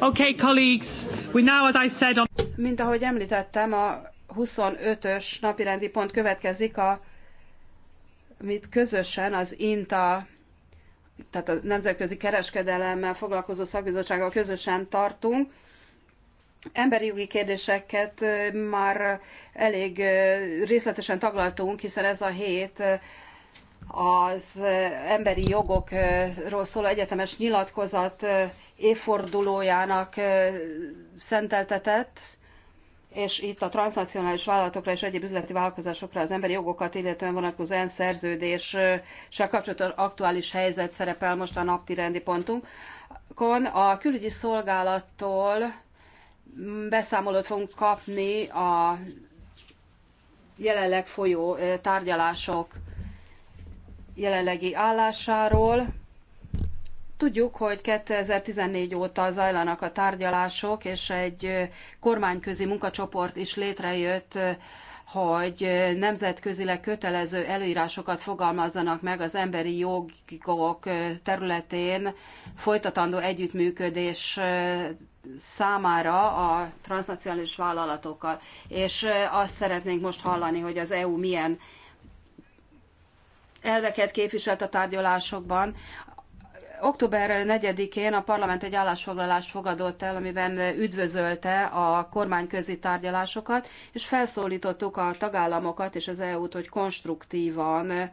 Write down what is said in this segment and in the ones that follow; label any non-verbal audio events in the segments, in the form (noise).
Okay, colleagues, we now, as I said, on... Mint ahogy említettem, a 25-ös napirendi pont következik, a, amit közösen az INTA, tehát a Nemzetközi Kereskedelemmel foglalkozó szakbizottsággal közösen tartunk. Emberi jogi kérdéseket már elég részletesen taglaltunk, hiszen ez a hét az emberi jogokról szóló egyetemes nyilatkozat évfordulójának szenteltetett, és itt a transnacionális vállalatokra és egyéb üzleti vállalkozásokra az emberi jogokat illetően vonatkozó és a kapcsolatos aktuális helyzet szerepel most a napi rendi pontunkon. A külügyi szolgálattól beszámolót fogunk kapni a jelenleg folyó tárgyalások jelenlegi állásáról. Tudjuk, hogy 2014 óta zajlanak a tárgyalások, és egy kormányközi munkacsoport is létrejött, hogy nemzetközileg kötelező előírásokat fogalmazzanak meg az emberi jogok területén folytatandó együttműködés számára a transnacionális vállalatokkal. És azt szeretnénk most hallani, hogy az EU milyen elveket képviselt a tárgyalásokban. Október 4-én a parlament egy állásfoglalást fogadott el, amiben üdvözölte a kormányközi tárgyalásokat, és felszólítottuk a tagállamokat és az EU-t, hogy konstruktívan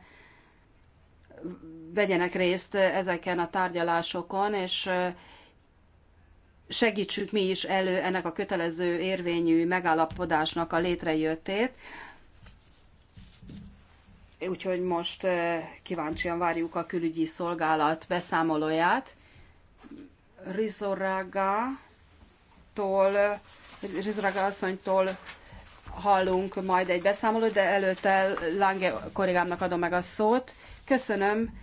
vegyenek részt ezeken a tárgyalásokon, és segítsük mi is elő ennek a kötelező érvényű megállapodásnak a létrejöttét úgyhogy most kíváncsian várjuk a külügyi szolgálat beszámolóját. Rizorágától, tól Rizorága asszonytól hallunk majd egy beszámolót, de előtte Lange kollégámnak adom meg a szót. Köszönöm,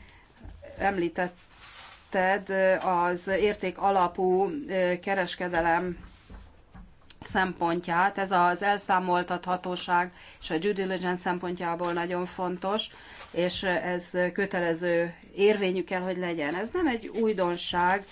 említetted az érték alapú kereskedelem szempontját, ez az elszámoltathatóság és a due diligence szempontjából nagyon fontos, és ez kötelező érvényű kell, hogy legyen. Ez nem egy újdonság,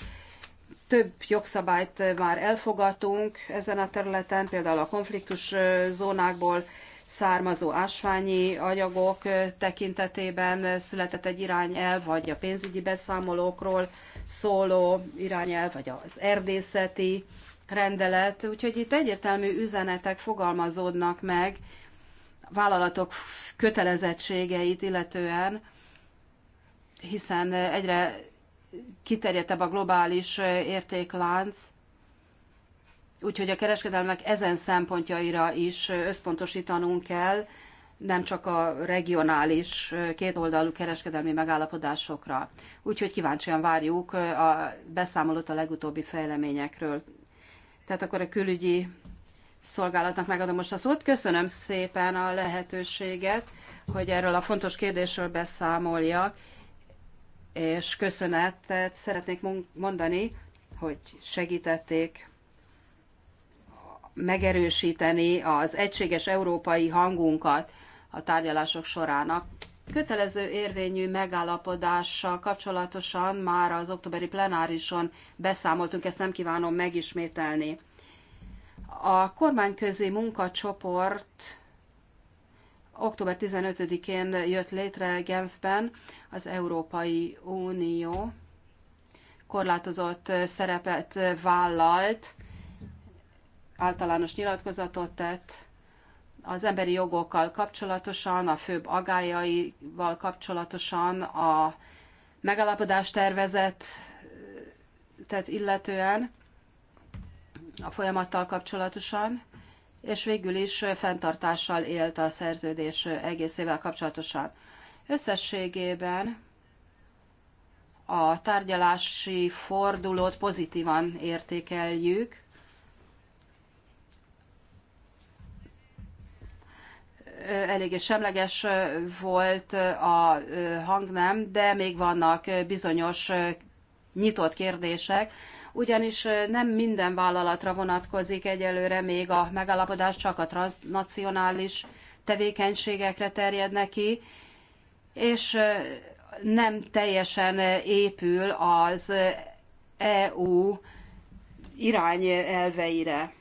több jogszabályt már elfogadtunk ezen a területen, például a konfliktus zónákból származó ásványi anyagok tekintetében született egy irányelv, vagy a pénzügyi beszámolókról szóló irányelv, vagy az erdészeti rendelet, úgyhogy itt egyértelmű üzenetek fogalmazódnak meg vállalatok kötelezettségeit illetően, hiszen egyre kiterjedtebb a globális értéklánc, úgyhogy a kereskedelmek ezen szempontjaira is összpontosítanunk kell, nem csak a regionális kétoldalú kereskedelmi megállapodásokra. Úgyhogy kíváncsian várjuk a beszámolót a legutóbbi fejleményekről. Tehát akkor a külügyi szolgálatnak megadom most a szót. Köszönöm szépen a lehetőséget, hogy erről a fontos kérdésről beszámoljak, és köszönetet szeretnék mondani, hogy segítették megerősíteni az egységes európai hangunkat a tárgyalások során kötelező érvényű megállapodással kapcsolatosan már az októberi plenárison beszámoltunk, ezt nem kívánom megismételni. A kormányközi munkacsoport október 15-én jött létre Genfben az Európai Unió korlátozott szerepet vállalt, általános nyilatkozatot tett az emberi jogokkal kapcsolatosan, a főbb agályaival kapcsolatosan, a megalapodás tervezet tehát illetően, a folyamattal kapcsolatosan, és végül is fenntartással élt a szerződés egészével kapcsolatosan. Összességében a tárgyalási fordulót pozitívan értékeljük, eléggé semleges volt a hangnem, de még vannak bizonyos nyitott kérdések, ugyanis nem minden vállalatra vonatkozik egyelőre még a megállapodás, csak a transnacionális tevékenységekre terjednek neki, és nem teljesen épül az EU irányelveire.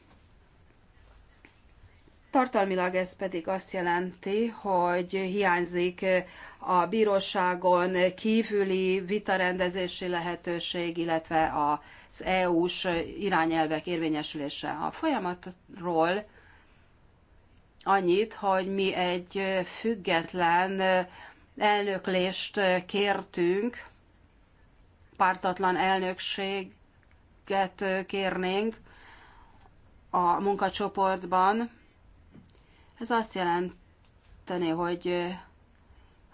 Tartalmilag ez pedig azt jelenti, hogy hiányzik a bíróságon kívüli vitarendezési lehetőség, illetve az EU-s irányelvek érvényesülése a folyamatról annyit, hogy mi egy független elnöklést kértünk, pártatlan elnökséget kérnénk a munkacsoportban, ez azt jelenteni, hogy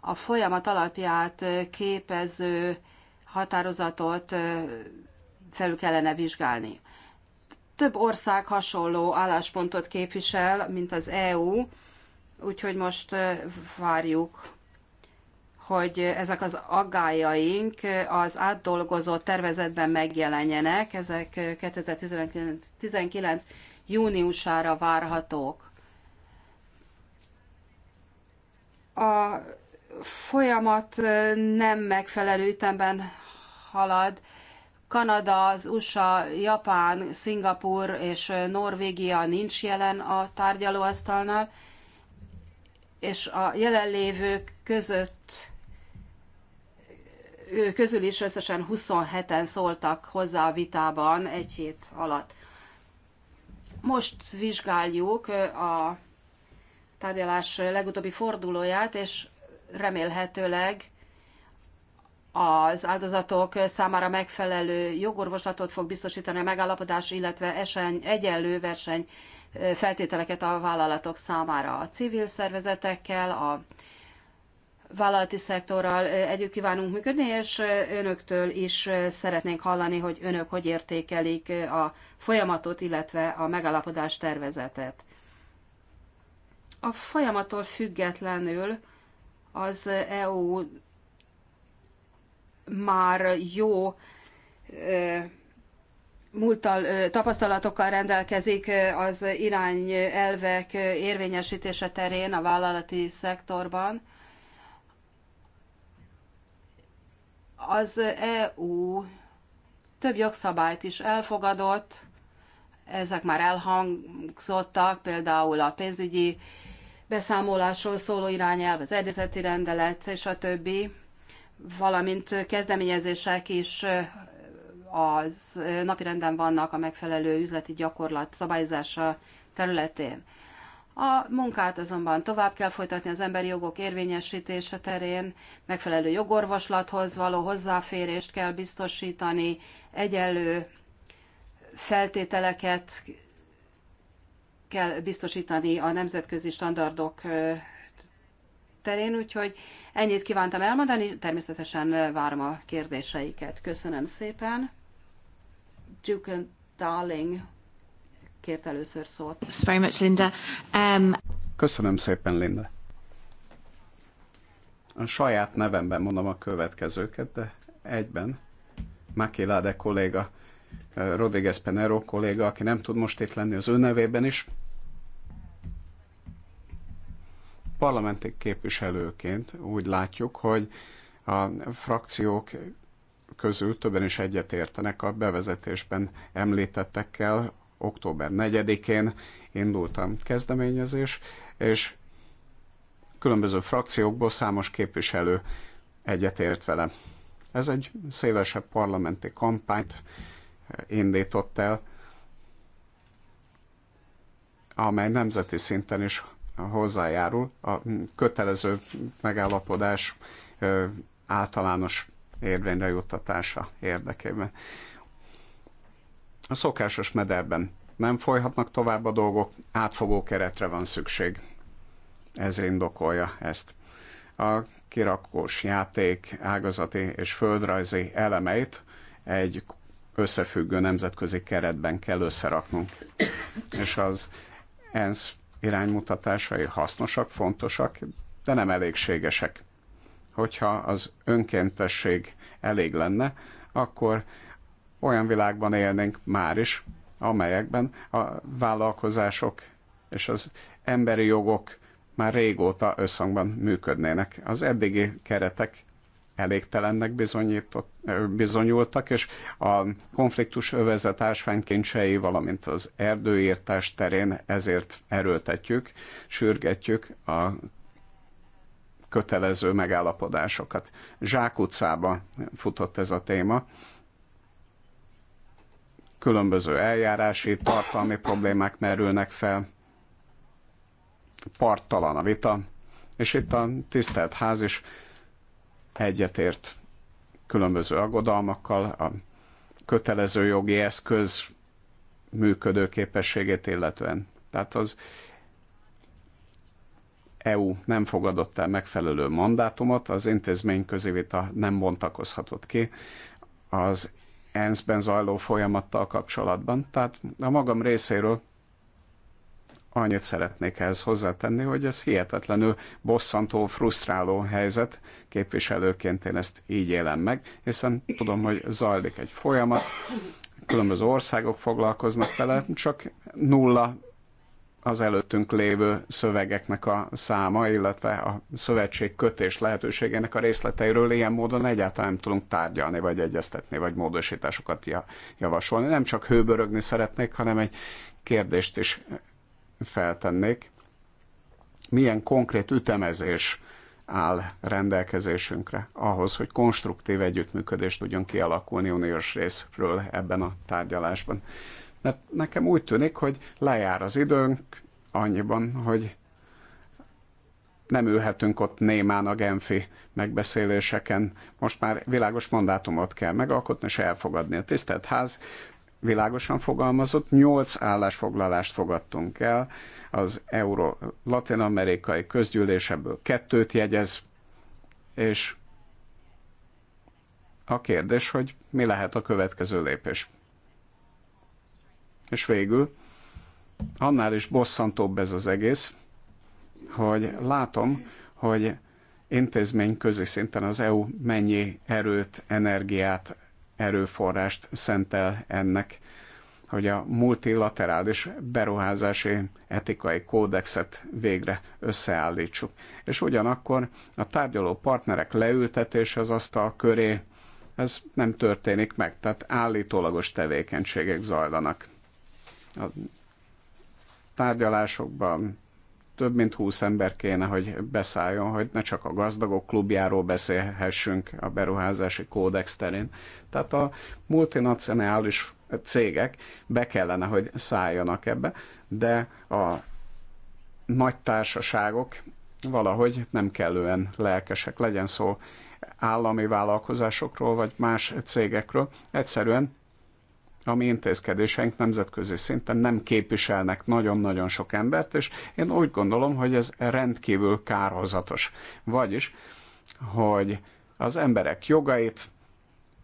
a folyamat alapját képező határozatot felül kellene vizsgálni. Több ország hasonló álláspontot képvisel, mint az EU, úgyhogy most várjuk, hogy ezek az aggájaink az átdolgozott tervezetben megjelenjenek, ezek 2019 júniusára várhatók. a folyamat nem megfelelő ütemben halad. Kanada, az USA, Japán, Szingapur és Norvégia nincs jelen a tárgyalóasztalnál, és a jelenlévők között közül is összesen 27-en szóltak hozzá a vitában egy hét alatt. Most vizsgáljuk a tárgyalás legutóbbi fordulóját, és remélhetőleg az áldozatok számára megfelelő jogorvoslatot fog biztosítani a megállapodás, illetve esen, egyenlő verseny feltételeket a vállalatok számára. A civil szervezetekkel, a vállalati szektorral együtt kívánunk működni, és önöktől is szeretnénk hallani, hogy önök hogy értékelik a folyamatot, illetve a megállapodás tervezetet a folyamattól függetlenül az EU már jó múltal, tapasztalatokkal rendelkezik az irányelvek érvényesítése terén a vállalati szektorban. Az EU több jogszabályt is elfogadott, ezek már elhangzottak, például a pénzügyi beszámolásról szóló irányelv, az edzeti rendelet és a többi, valamint kezdeményezések is az napirenden vannak a megfelelő üzleti gyakorlat szabályzása területén. A munkát azonban tovább kell folytatni az emberi jogok érvényesítése terén, megfelelő jogorvoslathoz való hozzáférést kell biztosítani, egyenlő feltételeket kell biztosítani a nemzetközi standardok terén, úgyhogy ennyit kívántam elmondani, természetesen várom a kérdéseiket. Köszönöm szépen. Duke Darling kért először szót. Very much, Linda. Um... Köszönöm szépen, Linda. A saját nevemben mondom a következőket, de egyben Makilade kolléga, eh, Rodriguez Penero kolléga, aki nem tud most itt lenni az ő nevében is, parlamenti képviselőként úgy látjuk, hogy a frakciók közül többen is egyetértenek a bevezetésben említettekkel. Október 4-én indult a kezdeményezés, és különböző frakciókból számos képviselő egyetért vele. Ez egy szélesebb parlamenti kampányt eh, indított el, amely nemzeti szinten is hozzájárul a kötelező megállapodás általános érvényre juttatása érdekében. A szokásos mederben nem folyhatnak tovább a dolgok, átfogó keretre van szükség. Ez indokolja ezt. A kirakós játék ágazati és földrajzi elemeit egy összefüggő nemzetközi keretben kell összeraknunk. És az ENSZ iránymutatásai hasznosak, fontosak, de nem elégségesek. Hogyha az önkéntesség elég lenne, akkor olyan világban élnénk már is, amelyekben a vállalkozások és az emberi jogok már régóta összhangban működnének. Az eddigi keretek elégtelennek bizonyultak, és a konfliktus övezet ásványkincsei, valamint az erdőírtás terén ezért erőltetjük, sürgetjük a kötelező megállapodásokat. Zsák utcába futott ez a téma. Különböző eljárási, tartalmi problémák merülnek fel, parttalan a vita, és itt a tisztelt ház is egyetért különböző aggodalmakkal, a kötelező jogi eszköz működő képességét illetően. Tehát az EU nem fogadott el megfelelő mandátumot, az intézmény közévita nem bontakozhatott ki az ENSZ-ben zajló folyamattal kapcsolatban. Tehát a magam részéről annyit szeretnék ehhez hozzátenni, hogy ez hihetetlenül bosszantó, frusztráló helyzet. Képviselőként én ezt így élem meg, hiszen tudom, hogy zajlik egy folyamat, különböző országok foglalkoznak vele, csak nulla az előttünk lévő szövegeknek a száma, illetve a szövetség kötés lehetőségének a részleteiről ilyen módon egyáltalán nem tudunk tárgyalni, vagy egyeztetni, vagy módosításokat javasolni. Nem csak hőbörögni szeretnék, hanem egy kérdést is feltennék. Milyen konkrét ütemezés áll rendelkezésünkre ahhoz, hogy konstruktív együttműködést tudjon kialakulni uniós részről ebben a tárgyalásban. Mert nekem úgy tűnik, hogy lejár az időnk annyiban, hogy nem ülhetünk ott némán a Genfi megbeszéléseken. Most már világos mandátumot kell megalkotni és elfogadni. A tisztelt ház világosan fogalmazott, nyolc állásfoglalást fogadtunk el, az Euró latin-amerikai közgyűlés ebből kettőt jegyez, és a kérdés, hogy mi lehet a következő lépés. És végül, annál is bosszantóbb ez az egész, hogy látom, hogy intézmény közi szinten az EU mennyi erőt, energiát erőforrást szentel ennek, hogy a multilaterális beruházási etikai kódexet végre összeállítsuk. És ugyanakkor a tárgyaló partnerek leültetése az asztal köré, ez nem történik meg, tehát állítólagos tevékenységek zajlanak. A tárgyalásokban több mint 20 ember kéne, hogy beszálljon, hogy ne csak a gazdagok klubjáról beszélhessünk a beruházási kódex terén. Tehát a multinacionális cégek be kellene, hogy szálljanak ebbe, de a nagy társaságok valahogy nem kellően lelkesek, legyen szó állami vállalkozásokról, vagy más cégekről, egyszerűen a mi intézkedéseink nemzetközi szinten nem képviselnek nagyon-nagyon sok embert, és én úgy gondolom, hogy ez rendkívül kárhozatos. Vagyis, hogy az emberek jogait,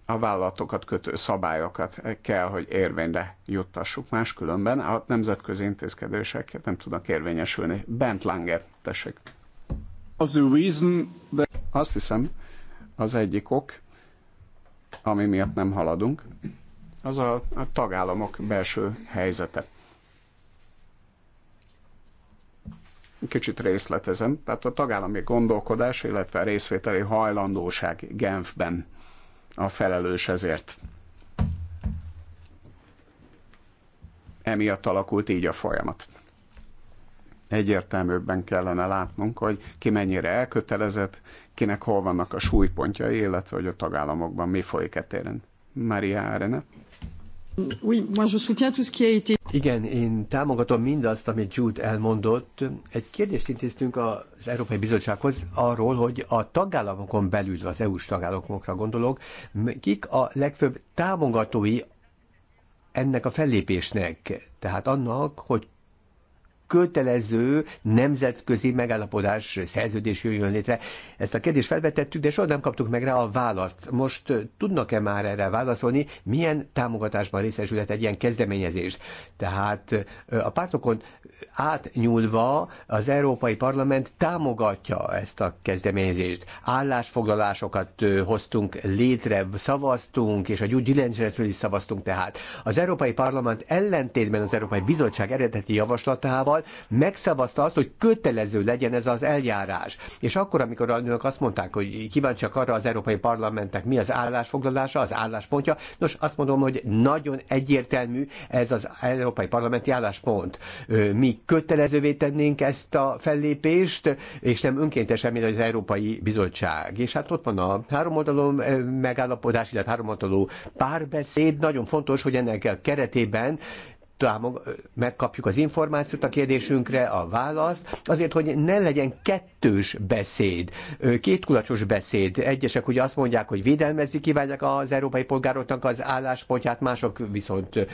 a vállalatokat kötő szabályokat kell, hogy érvényre juttassuk. Máskülönben a nemzetközi intézkedések nem tudnak érvényesülni. Bent Langer, tessék. Azt hiszem, az egyik ok, ami miatt nem haladunk, az a, a tagállamok belső helyzete. Kicsit részletezem, tehát a tagállami gondolkodás, illetve a részvételi hajlandóság Genfben a felelős ezért. Emiatt alakult így a folyamat egyértelműbben kellene látnunk, hogy ki mennyire elkötelezett, kinek hol vannak a súlypontjai, illetve hogy a tagállamokban mi folyik etéren. Maria Arena. Oui, moi je soutiens tout ce qui a été... Igen, én támogatom mindazt, amit Jude elmondott. Egy kérdést intéztünk az Európai Bizottsághoz arról, hogy a tagállamokon belül, az EU-s tagállamokra gondolok, kik a legfőbb támogatói ennek a fellépésnek, tehát annak, hogy kötelező nemzetközi megállapodás, szerződés jöjjön létre. Ezt a kérdést felvetettük, de soha nem kaptuk meg rá a választ. Most tudnak-e már erre válaszolni, milyen támogatásban részesülhet egy ilyen kezdeményezés? Tehát a pártokon átnyúlva az Európai Parlament támogatja ezt a kezdeményezést. Állásfoglalásokat hoztunk létre, szavaztunk, és a due is szavaztunk tehát. Az Európai Parlament ellentétben az Európai Bizottság eredeti javaslatával kormányával megszavazta azt, hogy kötelező legyen ez az eljárás. És akkor, amikor a nők azt mondták, hogy kíváncsiak arra az Európai Parlamentnek mi az állásfoglalása, az álláspontja, nos, azt mondom, hogy nagyon egyértelmű ez az Európai Parlamenti álláspont. Mi kötelezővé tennénk ezt a fellépést, és nem önkéntesen, mint az Európai Bizottság. És hát ott van a háromoldalú megállapodás, illetve háromoldalú párbeszéd. Nagyon fontos, hogy ennek a keretében támog, megkapjuk az információt a kérdésünkre, a választ, azért, hogy ne legyen kettős beszéd, kétkulacsos beszéd. Egyesek ugye azt mondják, hogy védelmezni kívánják az európai polgároknak az álláspontját, mások viszont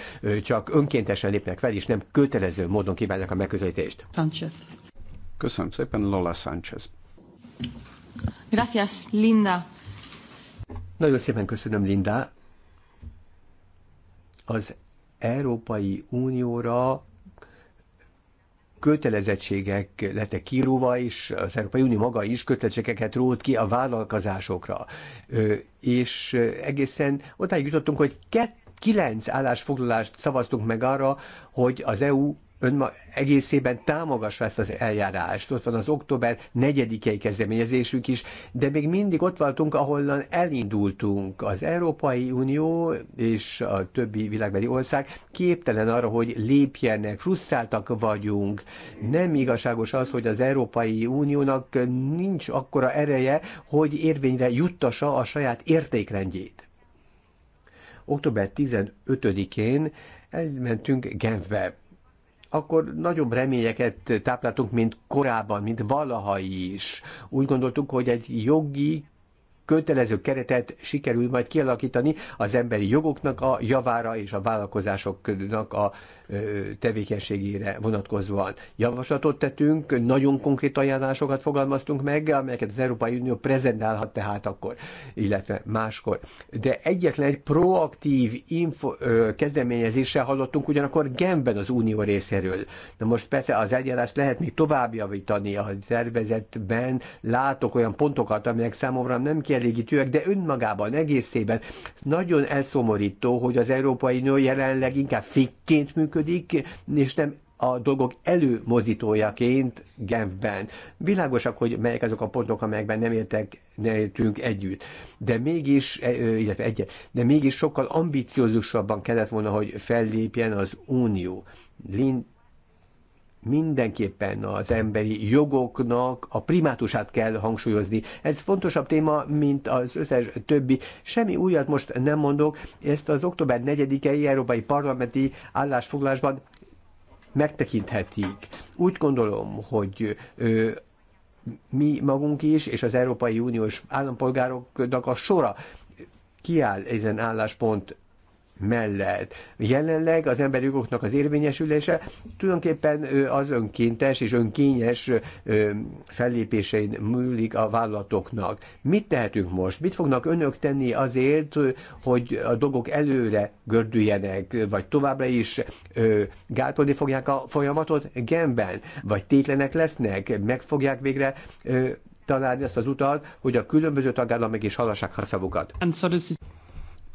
csak önkéntesen lépnek fel, és nem kötelező módon kívánják a megközelítést. Sánchez. Köszönöm szépen, Lola Sánchez. Gracias, Linda. Nagyon szépen köszönöm, Linda. Az Európai Unióra kötelezettségek lettek kirúva, és az Európai Unió maga is kötelezettségeket rót ki a vállalkozásokra. És egészen odáig jutottunk, hogy kettő kilenc állásfoglalást szavaztunk meg arra, hogy az EU önma egészében támogassa ezt az eljárást. Ott van az október 4-i kezdeményezésük is, de még mindig ott voltunk, ahonnan elindultunk. Az Európai Unió és a többi világbeli ország képtelen arra, hogy lépjenek, frusztráltak vagyunk. Nem igazságos az, hogy az Európai Uniónak nincs akkora ereje, hogy érvényre juttassa a saját értékrendjét. Október 15-én elmentünk Genfbe akkor nagyobb reményeket tápláltunk, mint korábban, mint valaha is. Úgy gondoltuk, hogy egy jogi kötelező keretet sikerül majd kialakítani az emberi jogoknak a javára és a vállalkozásoknak a tevékenységére vonatkozóan. Javaslatot tettünk, nagyon konkrét ajánlásokat fogalmaztunk meg, amelyeket az Európai Unió prezentálhat tehát akkor, illetve máskor. De egyetlen egy proaktív info, ö, kezdeményezéssel hallottunk ugyanakkor Genben az Unió részéről. Na most persze az eljárást lehet még tovább javítani a tervezetben, látok olyan pontokat, amelyek számomra nem kérdezik, kielégítőek, de önmagában, egészében nagyon elszomorító, hogy az Európai Unió jelenleg inkább fikként működik, és nem a dolgok előmozítójaként Genfben. Világosak, hogy melyek azok a pontok, amelyekben nem értek, ne értünk együtt. De mégis, e, illetve egyet, de mégis sokkal ambiciózusabban kellett volna, hogy fellépjen az Unió. Lin mindenképpen az emberi jogoknak a primátusát kell hangsúlyozni. Ez fontosabb téma, mint az összes többi. Semmi újat most nem mondok, ezt az október 4-i Európai Parlamenti állásfoglásban megtekinthetik. Úgy gondolom, hogy ö, mi magunk is, és az Európai Uniós állampolgároknak a sora kiáll ezen álláspont mellett. Jelenleg az emberi jogoknak az érvényesülése tulajdonképpen az önkéntes és önkényes fellépésein múlik a vállalatoknak. Mit tehetünk most? Mit fognak önök tenni azért, hogy a dolgok előre gördüljenek, vagy továbbra is gátolni fogják a folyamatot Genben? Vagy tétlenek lesznek? Meg fogják végre találni azt az utat, hogy a különböző tagállamok is halassák harszavukat?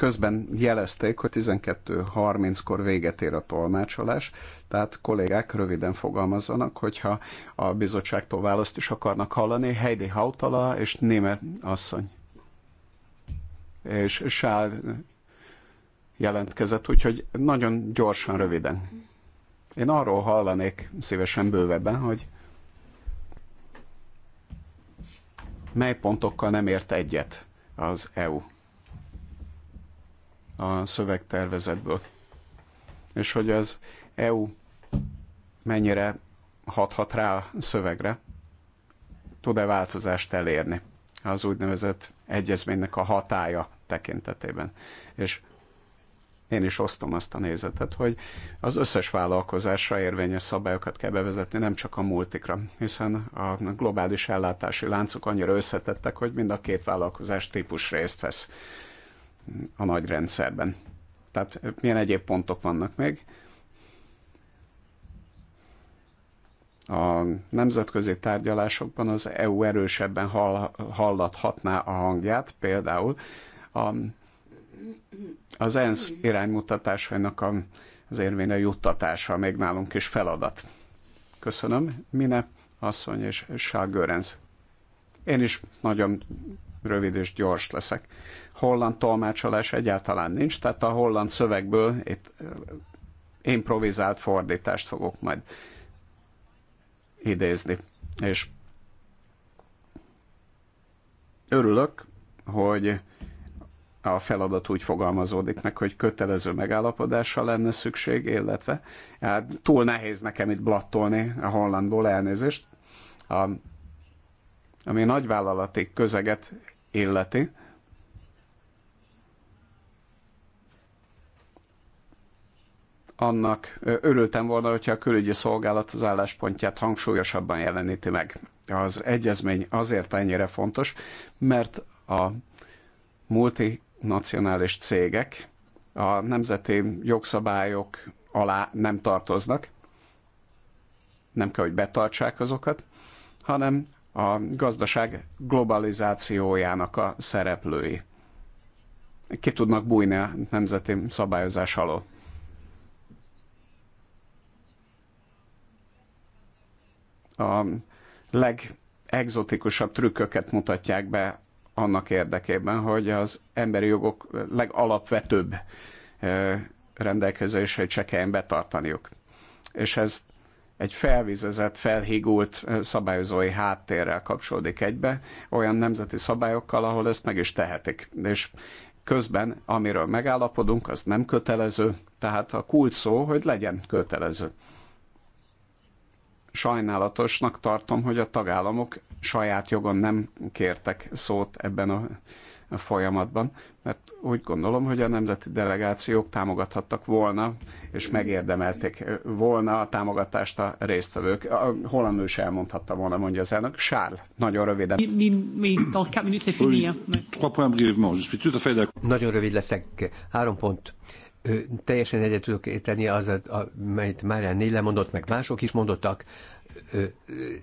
Közben jelezték, hogy 12.30-kor véget ér a tolmácsolás, tehát kollégák röviden fogalmazzanak, hogyha a bizottságtól választ is akarnak hallani, Heidi Hautala és Némer asszony. És Sál jelentkezett, úgyhogy nagyon gyorsan, röviden. Én arról hallanék szívesen bővebben, hogy mely pontokkal nem ért egyet az EU a szövegtervezetből. És hogy az EU mennyire hathat rá a szövegre, tud-e változást elérni az úgynevezett egyezménynek a hatája tekintetében. És én is osztom azt a nézetet, hogy az összes vállalkozásra érvényes szabályokat kell bevezetni, nem csak a multikra, hiszen a globális ellátási láncok annyira összetettek, hogy mind a két vállalkozás típus részt vesz a nagy rendszerben. Tehát milyen egyéb pontok vannak még? A nemzetközi tárgyalásokban az EU erősebben hall, hallathatná a hangját, például a, az ENSZ iránymutatásainak a, az érvényre juttatása még nálunk is feladat. Köszönöm, Mine asszony és Sál Görenc. Én is nagyon rövid és gyors leszek. Holland tolmácsolás egyáltalán nincs, tehát a holland szövegből itt improvizált fordítást fogok majd idézni. És örülök, hogy a feladat úgy fogalmazódik meg, hogy kötelező megállapodásra lenne szükség, illetve hát túl nehéz nekem itt blattolni a hollandból elnézést. A, ami nagyvállalati közeget illeti, annak örültem volna, hogyha a külügyi szolgálat az álláspontját hangsúlyosabban jeleníti meg. Az egyezmény azért ennyire fontos, mert a multinacionális cégek a nemzeti jogszabályok alá nem tartoznak, nem kell, hogy betartsák azokat, hanem a gazdaság globalizációjának a szereplői. Ki tudnak bújni a nemzeti szabályozás alól. A legexotikusabb trükköket mutatják be annak érdekében, hogy az emberi jogok legalapvetőbb eh, rendelkezéseit se kelljen betartaniuk. És ez egy felvizezett, felhígult szabályozói háttérrel kapcsolódik egybe, olyan nemzeti szabályokkal, ahol ezt meg is tehetik. És közben, amiről megállapodunk, az nem kötelező, tehát a kult szó, hogy legyen kötelező. Sajnálatosnak tartom, hogy a tagállamok saját jogon nem kértek szót ebben a folyamatban, mert úgy gondolom, hogy a nemzeti delegációk támogathattak volna, és megérdemelték volna a támogatást a résztvevők. A holland is elmondhatta volna, mondja az elnök. Sár, nagyon röviden. Mi, mi, Nagyon rövid leszek. Három pont teljesen egyet tudok érteni az, amelyet már Néle mondott, meg mások is mondottak,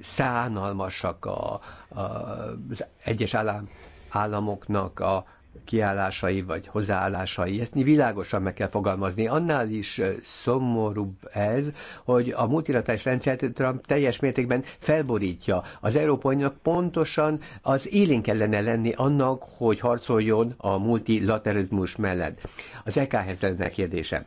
szánalmasak a, a, az egyes állam államoknak a kiállásai vagy hozzáállásai. Ezt világosan meg kell fogalmazni. Annál is szomorúbb ez, hogy a multilatás rendszert Trump teljes mértékben felborítja. Az Európainak pontosan az élén kellene lenni annak, hogy harcoljon a multilaterizmus mellett. Az e e e EK-hez lenne kérdése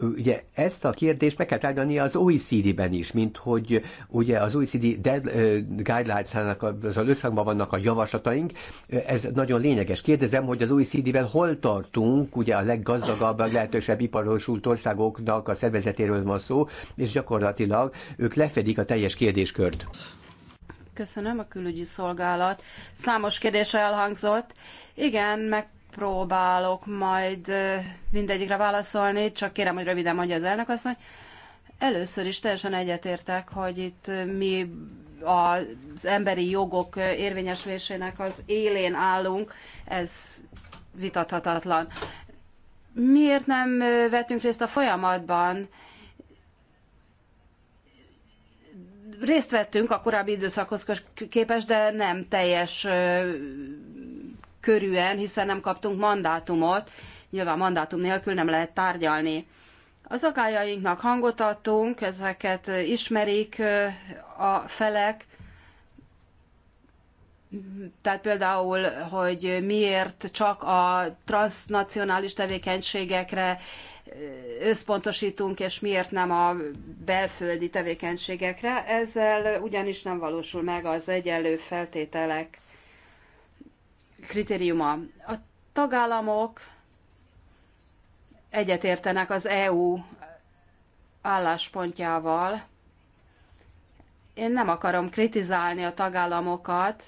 ugye ezt a kérdést meg kell tárgyalni az OECD-ben is, mint hogy ugye az OECD dead, uh, guidelines nak az összhangban vannak a javaslataink, ez nagyon lényeges. Kérdezem, hogy az OECD-ben hol tartunk, ugye a leggazdagabb, lehetősebb iparosult országoknak a szervezetéről van szó, és gyakorlatilag ők lefedik a teljes kérdéskört. Köszönöm a külügyi szolgálat. Számos kérdés elhangzott. Igen, meg próbálok majd mindegyikre válaszolni, csak kérem, hogy röviden mondja az elnök azt, hogy először is teljesen egyetértek, hogy itt mi az emberi jogok érvényesülésének az élén állunk, ez vitathatatlan. Miért nem vettünk részt a folyamatban? Részt vettünk a korábbi időszakhoz képest, de nem teljes körűen, hiszen nem kaptunk mandátumot, nyilván mandátum nélkül nem lehet tárgyalni. Az akályainknak hangot adtunk, ezeket ismerik a felek, tehát például, hogy miért csak a transnacionális tevékenységekre összpontosítunk, és miért nem a belföldi tevékenységekre. Ezzel ugyanis nem valósul meg az egyenlő feltételek kritériuma. A tagállamok egyetértenek az EU álláspontjával. Én nem akarom kritizálni a tagállamokat,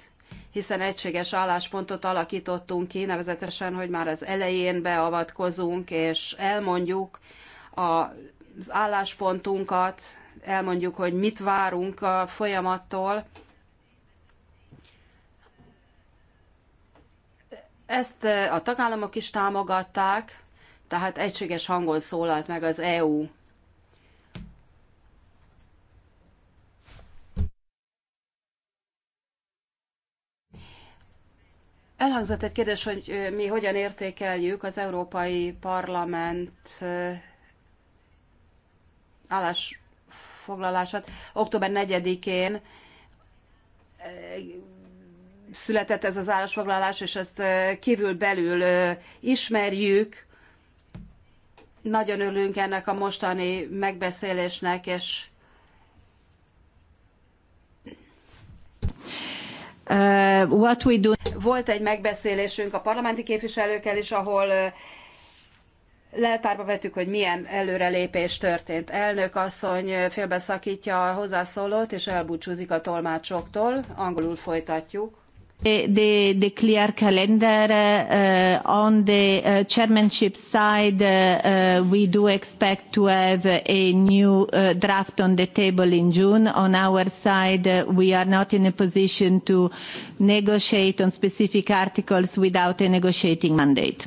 hiszen egységes álláspontot alakítottunk ki, nevezetesen, hogy már az elején beavatkozunk, és elmondjuk az álláspontunkat, elmondjuk, hogy mit várunk a folyamattól, Ezt eh, a tagállamok is támogatták, tehát egységes hangon szólalt meg az EU. Elhangzott egy kérdés, hogy eh, mi hogyan értékeljük az Európai Parlament eh, állásfoglalását. Október 4-én született ez az állásfoglalás, és ezt kívül belül ismerjük. Nagyon örülünk ennek a mostani megbeszélésnek, és Uh, what we do... Volt egy megbeszélésünk a parlamenti képviselőkkel is, ahol uh, leltárba vettük, hogy milyen előrelépés történt. Elnök asszony félbeszakítja a hozzászólót, és elbúcsúzik a tolmácsoktól. Angolul folytatjuk. The, the clear calendar uh, on the uh, chairmanship side, uh, we do expect to have a new uh, draft on the table in June. On our side, uh, we are not in a position to negotiate on specific articles without a negotiating mandate.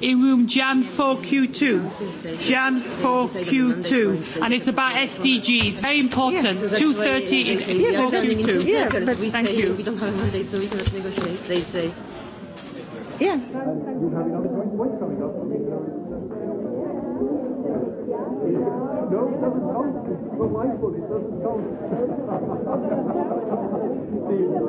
in room Jan 4Q2. Jan 4Q2. And it's about SDGs. Very important. Yeah, so 2.30 in 4Q2. Yeah, but we thank you. We don't have a mandate, so we cannot negotiate, they say. Yeah. (laughs)